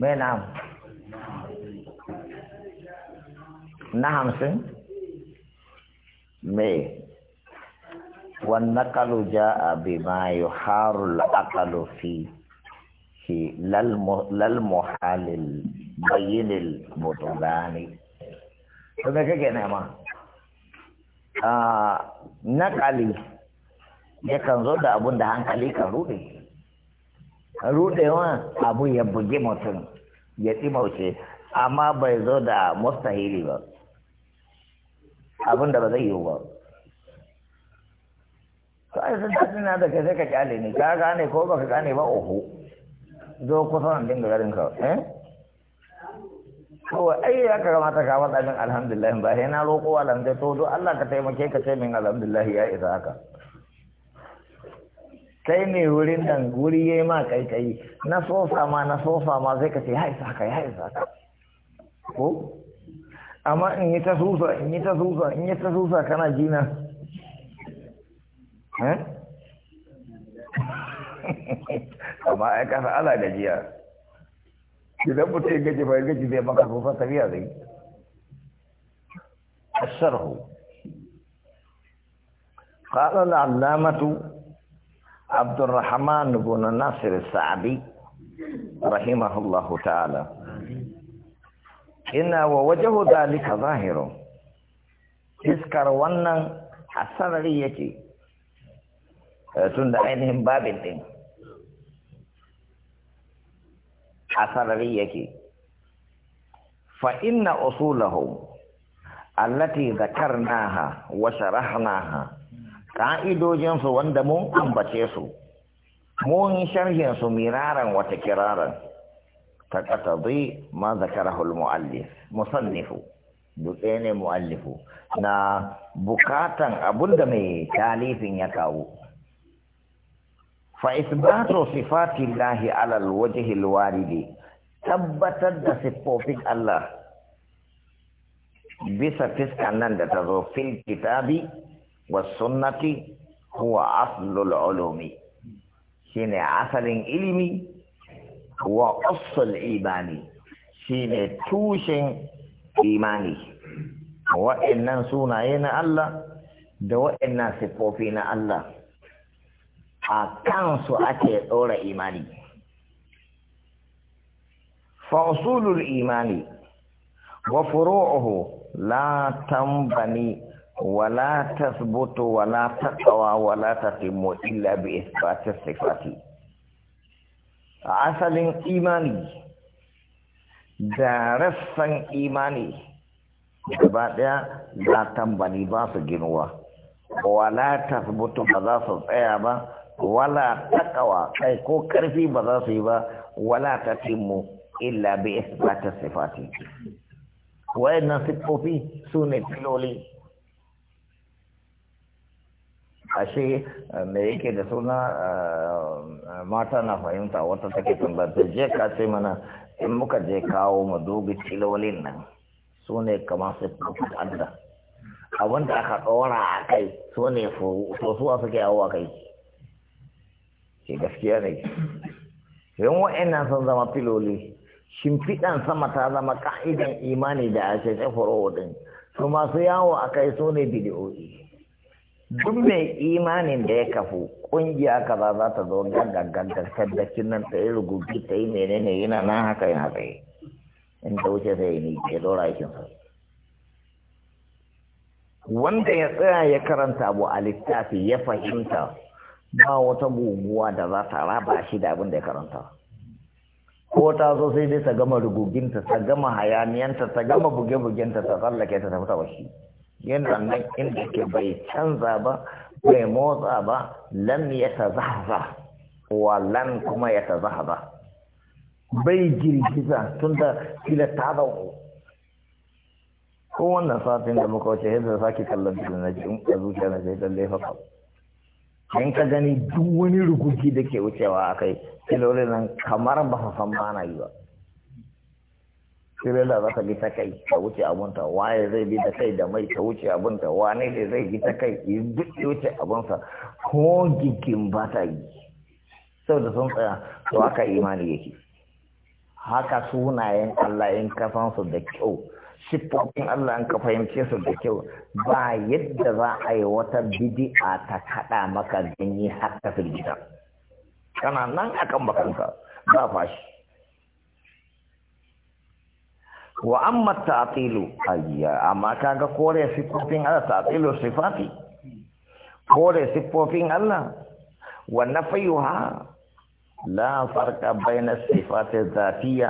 Mai Na hamsin? Mai. Wannan kalu ja abi ma haru la'akalu fi ki lalmuhalil bayyinil mutugani. Tumai kake nema? Na yakan zo da abun da hankali kan rube. rudewa abu ya bugi mutum ya ɗimauce amma bai zo da mustahili ba abin da ba zai yiwu ba ka ai sun tafi na da kai sai ka kyale ni ka gane ko ba ka gane ba Uhu. zo kusan dinga garin ka eh kawai ai ya ka kamata ka faɗa min alhamdulillah ba sai na roƙo alhamdulillah to do Allah ka taimake ka ce min alhamdulillah ya isa haka sai mai wurin nan wuri yayi ma kaikayi na sofa ma na sofa ma zai ka ce ya isa ka ya isa ko amma in yi ta susa in yi ta susa in yi ta susa kana jina amma ai ka ala gajiya idan mutum ya gaji bai gaji zai maka sofa tafiya zai الشرح قال العلامة عبد الرحمن بن ناصر السعدي رحمه الله تعالى إن ووجه ذلك ظاهر تذكر وانا حسن ليتي تند عينهم باب الدين حسن ليتي فإن أصولهم التي ذكرناها وشرحناها ka'idojinsu wanda mun ambace su mun sharhin su miraran wata kiraran ta katabi ma zakarahul muallif musannifu dutse ne muallifu na bukatan abunda mai talifin ya kawo fa isbatu sifatillahi ala alwajhi alwaridi tabbatar da siffofin Allah bisa fiskan nan da ta zo fil kitabi wasunnati huwa aslul ulumi shine asalin ilimi wa usul imani shine tushen imani wa'annan sunaye na Allah da wa'annan sifofi na Allah a kansu ake ɗora imani fasulul imani wa furu'uhu la tambani wala tasbutu wala taqwa wala tatimu illa bi isbati sifati asalin imani da rassan imani gaba da za tambali ba su ginuwa wala tasbutu ba za su tsaya ba wala taqwa kai ko karfi ba za su yi ba wala tatimu illa bi isbati sifati wayannan siffofi su ne filoli ashe eh, me yake da suna eh, mata na fahimta wata take tambata je ka ce mana in muka je kawo mu dubi tilolin nan su ne kamar su Allah abin da aka ɗora a kai su ne sosuwa suke yawo a kai ke gaskiya ne wa'in nan sun zama filoli shimfiɗan sama ta zama ka'idan imani da ake tsafaro din su masu yawo a kai su ne bidiyoyi duk mai imanin da ya kafu kungiya kaza za ta zo gaggagantar tabbacin nan ta yi rubutu ta yi menene yana nan haka yana tsaye in ta wuce sai ni ke dora aikin sa wanda ya tsaya ya karanta abu a littafi ya fahimta ba wata guguwa da za ta raba shi da abin da ya karanta ko ta zo sai dai ta gama ruguginta ta gama hayaniyanta ta gama buge-bugenta ta tsallake ta tafi ta bashi. yana nan inda ke bai canza ba bai motsa ba lam ya ta zahaza wa lam kuma ya ta zahaza bai girgiza tun da kila ta zaune ko wannan satin da muka wuce yadda sake kallon da na ji in ka zuciya na sai lallai haka in ka gani duk wani rukuki da ke wucewa a kai kilolin nan kamar ba san ba na yi ba tirela za ka bi ta kai ta wuce abunta waye zai bi ta kai da mai ta wuce abunta wane ne zai bi ta kai yi duk wuce abunsa ko gigin ba ta yi saboda sun tsaya to haka imani yake haka sunayen Allah in kafan su da kyau siffofin Allah in ka fahimce su da kyau ba yadda za a yi wata bidi'a ta kaɗa maka ganye har ka firgita kana nan akan bakanka ba fashi wa amma ta'tilu ayya amma kaga kore sifofin Allah ta'tilu sifati kore sifofin Allah wa nafiyuha la farqa baina sifati zafiya,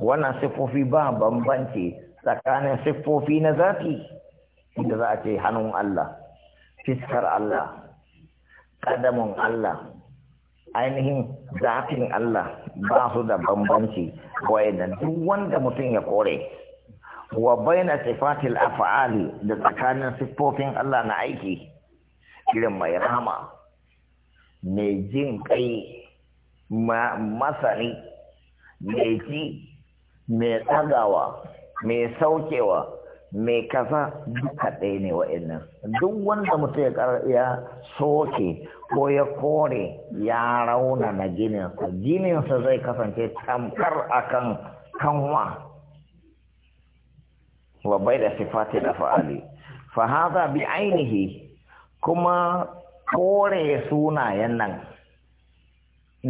wana sifofi ba bambanci tsakanin sifofi na zati inda za a ce hannun Allah fiskar Allah kadamun Allah ainihin zafin Allah ba su da bambanci wayannan duk wanda mutum ya kore wa baina sifatil af'ali da tsakanin siffofin Allah na aiki irin mai rama mai jin kai masani mai ji mai tsagawa mai saukewa mai kaza duka ɗaya ne wa'annan duk wanda mutum ya soke ko ya kore ya rauna na gininsa gininsa zai kasance tamkar akan kanwa wa bai da sifati da fa'ali fa bi ainihi kuma kore sunayen nan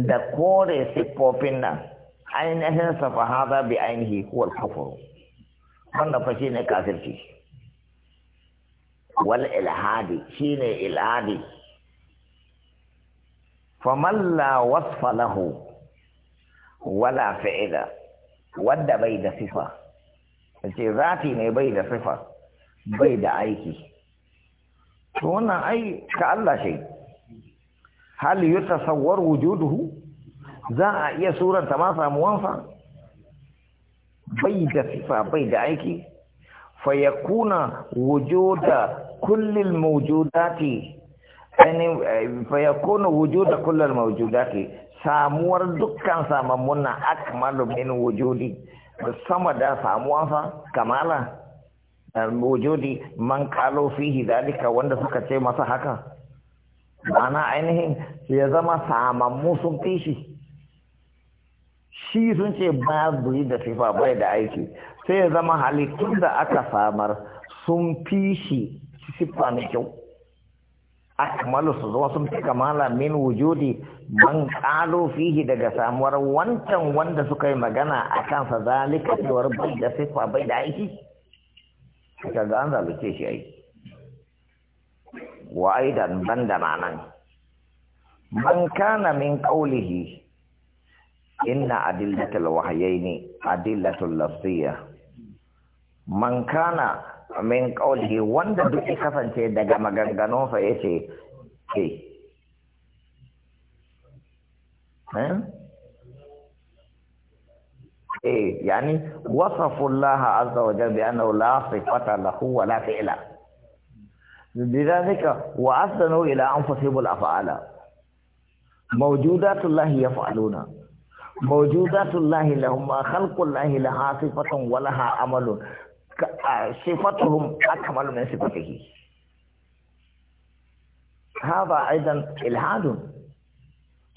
da kore siffofin nan ainihin sa fa bi ainihi huwal kafuru wannan fa shi ne kafirci wal ilhadi ne ilhadi Fa malla wasfa lahu wala fa'ila wanda bai da sifa ce zati ne bai da sifa bai da aiki to wannan ai ka Allah shi hal yutasawwar wujuduhu za a iya suranta ma samuwansa bai da sifa bai da aiki fayakuna wujuda kullil mawjudati yani fayakuna wujuda kullil mawjudati samuwar dukkan samammun na akmalu min wujudi sama da samuwansa kamala wujudi man kalo fihi dalika wanda suka ce masa haka ma'ana ainihin ya zama samammu sun fi shi shi sun ce babu yi da sifa bai da aiki sai ya zama halittun da aka samar sun fi shi siffa mai kyau akmalu su zama sun fi kamala min wujudi man kalo fihi daga samuwar wancan wanda suka yi magana a kansa zalika cewar bai da siffa bai da aiki ga an zalice shi aiki. wa aidan da manan man kana min kaulihi إن أدلة الوحيين أدلة لفظية من كان من قوله وند دوك كفن سي دغا مغانغانو فايسي كي إيه. ها ايه يعني وصف الله عز وجل بانه لا صفه له ولا فعل لذلك واحسنوا الى انفسهم الافعال موجودات الله يفعلون موجودات الله لهم خلق الله لها صفة ولها عمل آه، صفتهم أكمل من صفته هذا أيضا إلحاد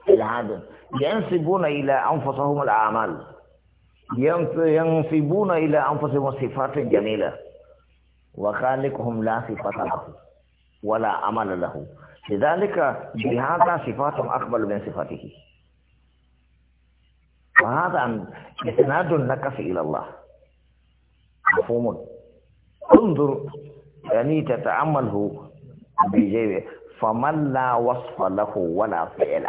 إلحاد ينسبون إلى أنفسهم الأعمال ينسبون إلى أنفسهم صفات جميلة وخالقهم لا صفة له ولا عمل له لذلك بهذا صفات أكمل من صفته فهذا إسناد النكف إلى الله مفهوم انظر يعني تتعمله بجيبه فمن لا وصف له ولا فعل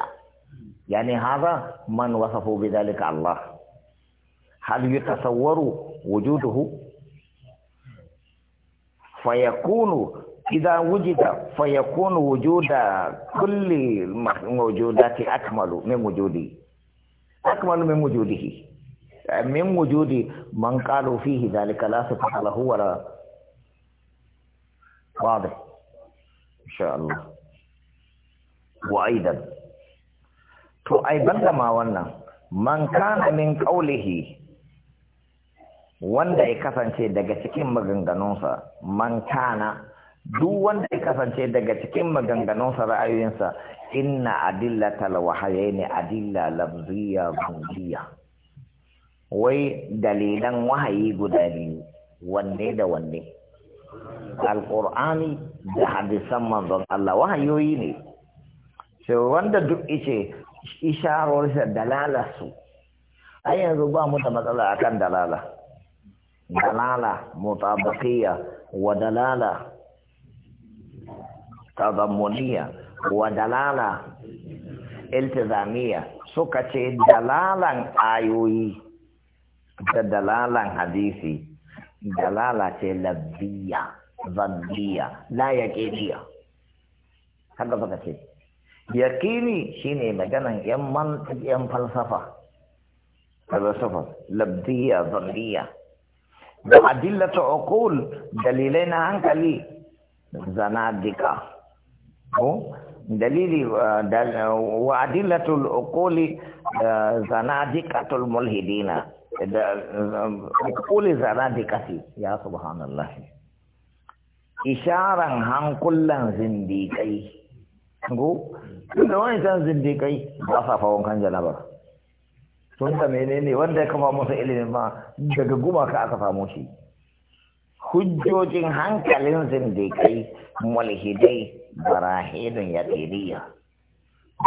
يعني هذا من وصفه بذلك الله هل يتصور وجوده فيكون إذا وجد فيكون وجود كل الموجودات أكمل من وجوده akmalu min wujudihi min wujudi man qalu fihi dhalika la sifata lahu wa la واضح ان شاء الله وايضا to ai banda ma wannan man kana min qawlihi wanda ya kasance daga cikin maganganun sa, man kana duk wanda ya kasance daga cikin maganganun maganganunsa ra'ayoyinsa inna adillatal wahayaini adilla lamziya bundiya wai dalilan wahayi guda biyu wanne da wanne alƙur'ani da hadisan manzon Allah wahayoyi ne sai wanda duk ice dalala su. a yanzu ba mu da matsala akan dalala dalala mutabaqiyya wa dalala tadammuniya Wadalala, dalala iltizamiya suka ce dalalan ayoyi da dalalan hadisi dalala ce labbiya zanniya la yaƙiniya haka suka ce yaƙini shine maganan yan man yan falsafa falsafa labbiya zanniya da adillatu uqul dalilai na hankali zanadika ko dalili uh, wa adillatul uquli uh, zanadiqatul mulhidina um, uquli zanadiqati ya subhanallah isharan hankulan zindikai ngu da wani san zindikai ba sa fawon kan janaba sun ta menene wanda ya kafa musu ilimin ma daga gumaka aka famo shi hujjojin hankalin zindikai mulhidai barahidun yaqiniya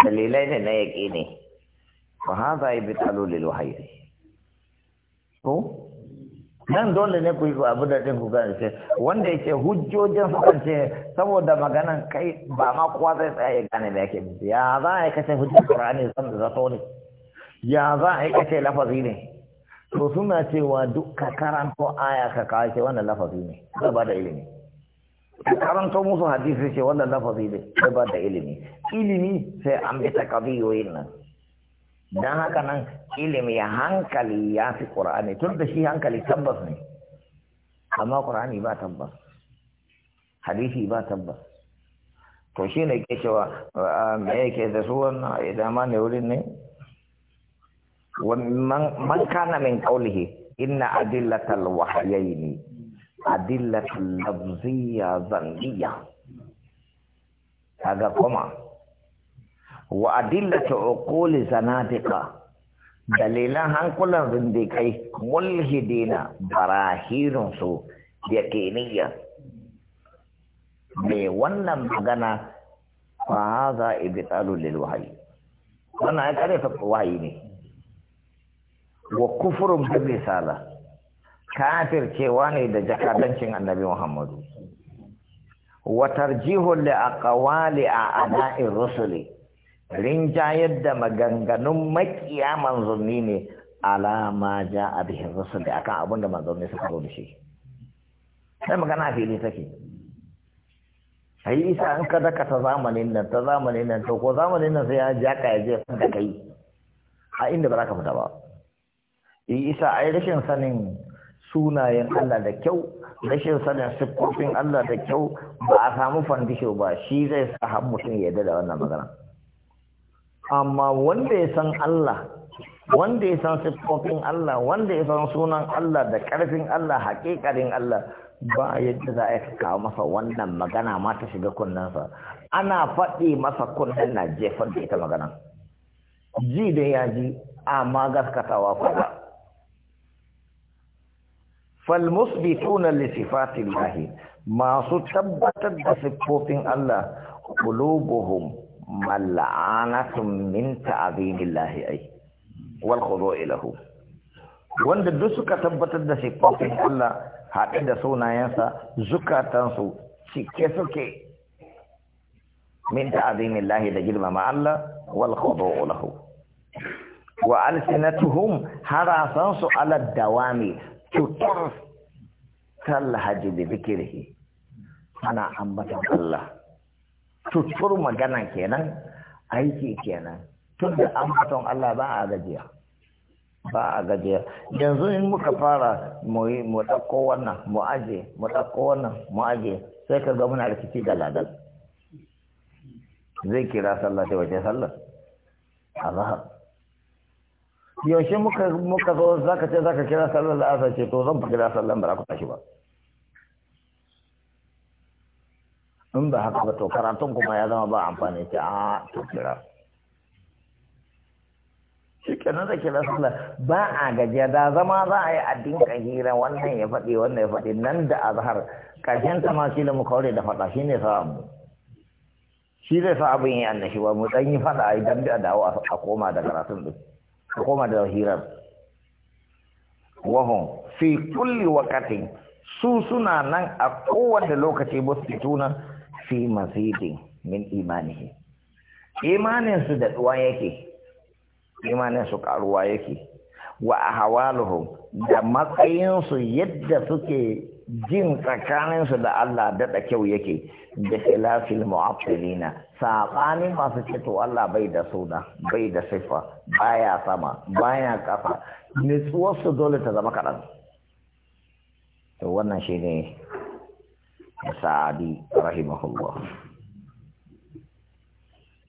dalilai ne na za fa bi ibtalu lil wahyi ko nan dole ne ku yi ku abu da ɗin ku gane ce wanda yake hujjojin sukan ce saboda maganan kai ba ma kowa zai tsaya ya gane da yake ya za a yi kace hujjar qur'ani zan da zato ne ya za a yi kace lafazi ne to suna cewa duk ka karanto aya ka kawo ce wannan lafazi ne ba da ilimi ka karanto musu hadisi ce wannan lafazi ne sai ba da ilimi ilimi sai an bi ta kabiyoyin nan don haka nan ilimi ya hankali ya fi ƙura'ani, tun da shi hankali tabbas ne amma ƙura'ani ba tabbas hadisi ba tabbas to shi ne ke cewa ah, me yake da su wannan idan eh, ma ne wurin ne man kana min qawlihi inna adillatal wahyaini adillatul lafziya zanniya kaga kuma wa adillatu uquli zanatika dalilan hankulan zindikai mulhidina barahirun su yakiniya me wannan magana fa hadha ibtalu lil wahyi wannan ya kare ta wahyi ne wa kufrun bi risala Kafir cewa ne da jakadancin annabi Muhammadu. Watar jihun da akawali a ana'in rusuli, rinjayar da maganganun makiya manzanni ne alama ja a bihin rusuli akan abin da manzanni suka zo da shi. Sai magana a fili take. Sai isa an ka daka ta zamanin nan, ta zamanin nan, to ko zamanin nan sai ya ja ka yaje da kai a inda ba za ka fita ba. Isa ai rashin sanin sunayen Allah da kyau rashin sanin siffofin Allah da kyau ba a samu fandisho ba shi zai sa har mutum ya yarda da wannan magana amma wanda ya san Allah wanda ya san siffofin Allah wanda ya san sunan Allah da karfin Allah hakikarin Allah ba yadda za a kawo masa wannan magana ma ta shiga kunnensa ana faɗi masa kunnen na jefar da ita magana ji da ya ji amma gaskatawa kuma فالمثبتون لصفات الله ما ثبتت بصفات الله قلوبهم ملعانة من تعظيم الله أي والخضوع له وان دسوك ثبتت بصفات الله هذا دسونا ينسى زكاة تنسو سكسك من تعظيم الله دجل ما الله والخضوع له وألسنتهم حراسانس على الدوام cutar kallahaji da zikirhi ana ambatan Allah cutar magana kenan aiki kenan tun da ambaton Allah ba a gajiya ba a gajiya yanzu in muka fara mu mu wannan mu aje mu ɗauko wannan mu aje sai ka ga muna rikici da ladan zai kira sallah sai wace sallah azhar yaushe muka muka zo zaka ce zaka kira sallar la'asa ce to zan kira sallar ba za ku tashi ba in ba haka ba to karatun kuma ya zama ba amfani ce a ah, to kira shi kenan da kira sallar ba a gajiya da zama za a yi addin hira wannan ya faɗi wannan ya faɗi nan da azhar karshen ta ma kila mu kaure da faɗa sa sa'a mu shi zai sa abin yi ba mu dan yi faɗa a yi dambe a dawo a koma da karatun ɗin ka koma da hirar wahon fi kulli wakati su suna nan a kowane lokaci ba su tuna fi mazidin min imanihi imaninsu da tsuwa yake imaninsu karuwa yake wa a hawaluhum da matsayinsu yadda suke jin tsakaninsu da Allah daɗa kyau yake da khilafil mu'affilina saɓanin masu ceto Allah bai da suna bai da siffa baya sama baya kafa nutsuwarsu dole ta zama kaɗan to wannan shine sa'adi rahimahullah